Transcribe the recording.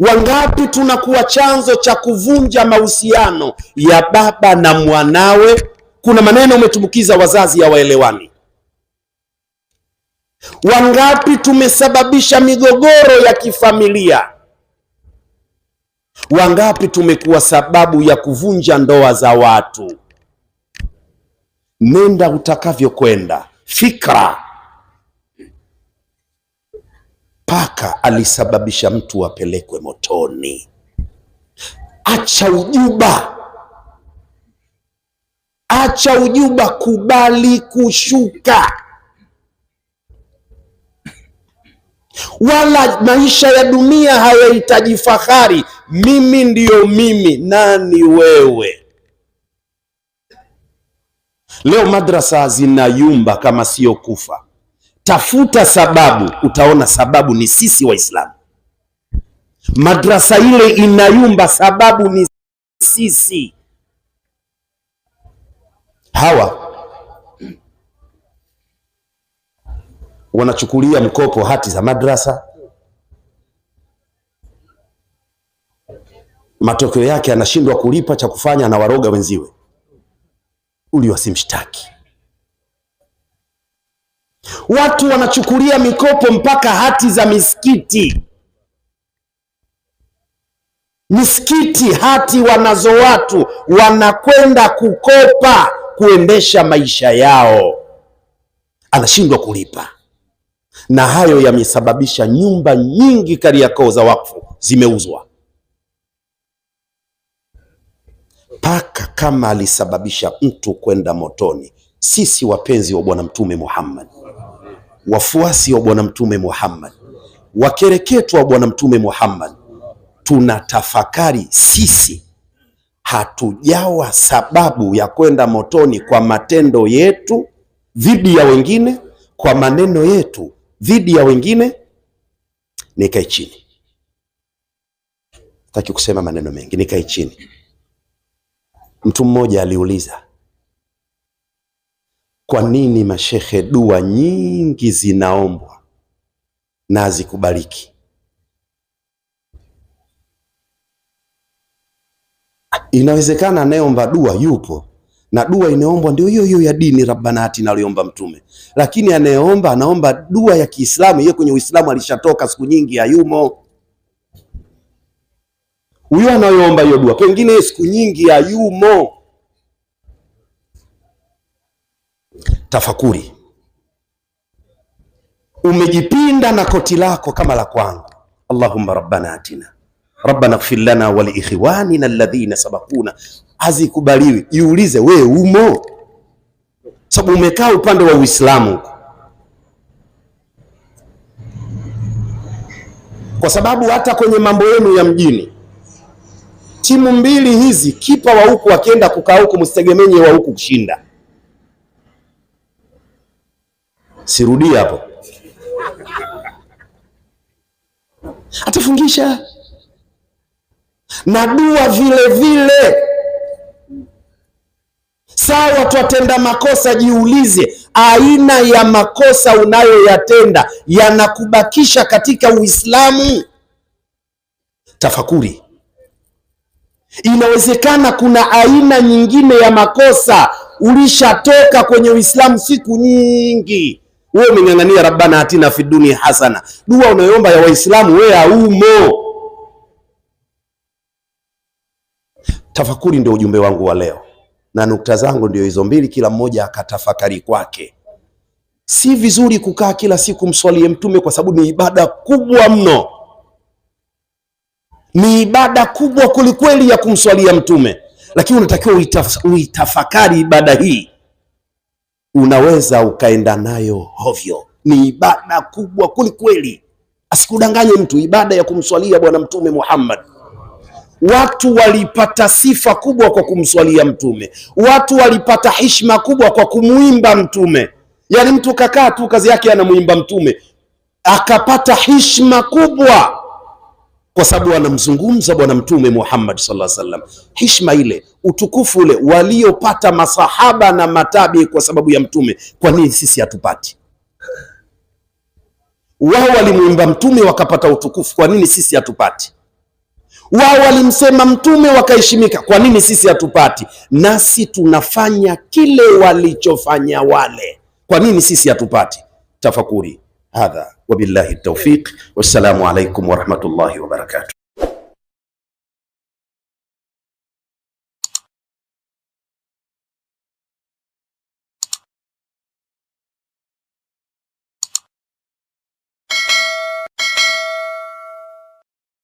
Wangapi tunakuwa chanzo cha kuvunja mahusiano ya baba na mwanawe? Kuna maneno umetumbukiza wazazi hawaelewani. Wangapi tumesababisha migogoro ya kifamilia? Wangapi tumekuwa sababu ya kuvunja ndoa za watu? Nenda utakavyokwenda, fikra mpaka alisababisha mtu apelekwe motoni. Acha ujuba, acha ujuba, kubali kushuka. Wala maisha ya dunia hayahitaji fahari. Mimi ndiyo mimi, nani wewe? Leo madrasa zinayumba kama siyo kufa Tafuta sababu, utaona sababu ni sisi Waislamu. Madrasa ile inayumba, sababu ni sisi. Hawa wanachukulia mkopo hati za madrasa, matokeo yake anashindwa kulipa, cha kufanya anawaroga wenziwe, uliwasimshtaki Watu wanachukulia mikopo mpaka hati za misikiti. Misikiti hati wanazo watu, wanakwenda kukopa kuendesha maisha yao, anashindwa kulipa, na hayo yamesababisha nyumba nyingi Kariakoo za wakfu zimeuzwa. Paka kama alisababisha mtu kwenda motoni, sisi wapenzi wa Bwana Mtume Muhammad wafuasi wa Bwana Mtume Muhammad, wakereketwa wa Bwana Mtume Muhammad, tunatafakari sisi hatujawa sababu ya kwenda motoni kwa matendo yetu dhidi ya wengine, kwa maneno yetu dhidi ya wengine. Nikae chini, taki kusema maneno mengi, nikae chini. Mtu mmoja aliuliza kwa nini mashehe dua nyingi zinaombwa na hazikubaliki? Inawezekana anayeomba dua yupo na dua inaombwa ndio hiyo hiyo ya dini rabbana atina aliomba Mtume, lakini anayeomba anaomba dua ya Kiislamu. Yeye kwenye Uislamu alishatoka siku nyingi, hayumo huyo anayoomba hiyo dua, pengine siku nyingi hayumo. tafakuri. Umejipinda na koti lako kama la kwangu. Allahumma rabbana atina rabbana ighfir lana wa li ikhwanina alladhina sabaquna. Azikubaliwi. Jiulize wewe umo, sababu umekaa upande wa Uislamu kwa sababu hata kwenye mambo yenu ya mjini timu mbili hizi, kipa wa huku akienda kukaa huku, msitegemenye wa huku kushinda. sirudi hapo, atafungisha na dua vile vile. Sawa, twatenda makosa. Jiulize, aina ya makosa unayoyatenda yanakubakisha katika Uislamu? Tafakuri. Inawezekana kuna aina nyingine ya makosa ulishatoka kwenye Uislamu siku nyingi wewe umeng'ang'ania rabbana atina fi dunia hasana, dua unayoomba ya Waislamu wewe haumo. Tafakuri ndio ujumbe wangu wa leo, na nukta zangu ndio hizo mbili, kila mmoja akatafakari kwake. Si vizuri kukaa kila siku mswalie Mtume kwa sababu ni ibada kubwa mno, ni ibada kubwa kwelikweli ya kumswalia Mtume, lakini unatakiwa uitafakari ibada hii unaweza ukaenda nayo hovyo. Ni ibada kubwa kweli, asikudanganye mtu. Ibada ya kumswalia Bwana Mtume Muhammad, watu walipata sifa kubwa kwa kumswalia Mtume, watu walipata heshima kubwa kwa kumwimba Mtume. Yaani mtu kakaa tu kazi yake anamwimba Mtume, akapata heshima kubwa kwa sababu wanamzungumza Bwana Mtume Muhammad sallallahu alaihi wasallam, hishma ile, utukufu ule waliopata masahaba na matabi kwa sababu ya Mtume. Kwa nini sisi hatupati? Wao walimwimba Mtume wakapata utukufu, kwa nini sisi hatupati? Wao walimsema Mtume wakaheshimika, kwa nini sisi hatupati? Nasi tunafanya kile walichofanya wale, kwa nini sisi hatupati? Tafakuri. هذا وبالله التوفيق والسلام عليكم ورحمة الله وبركاته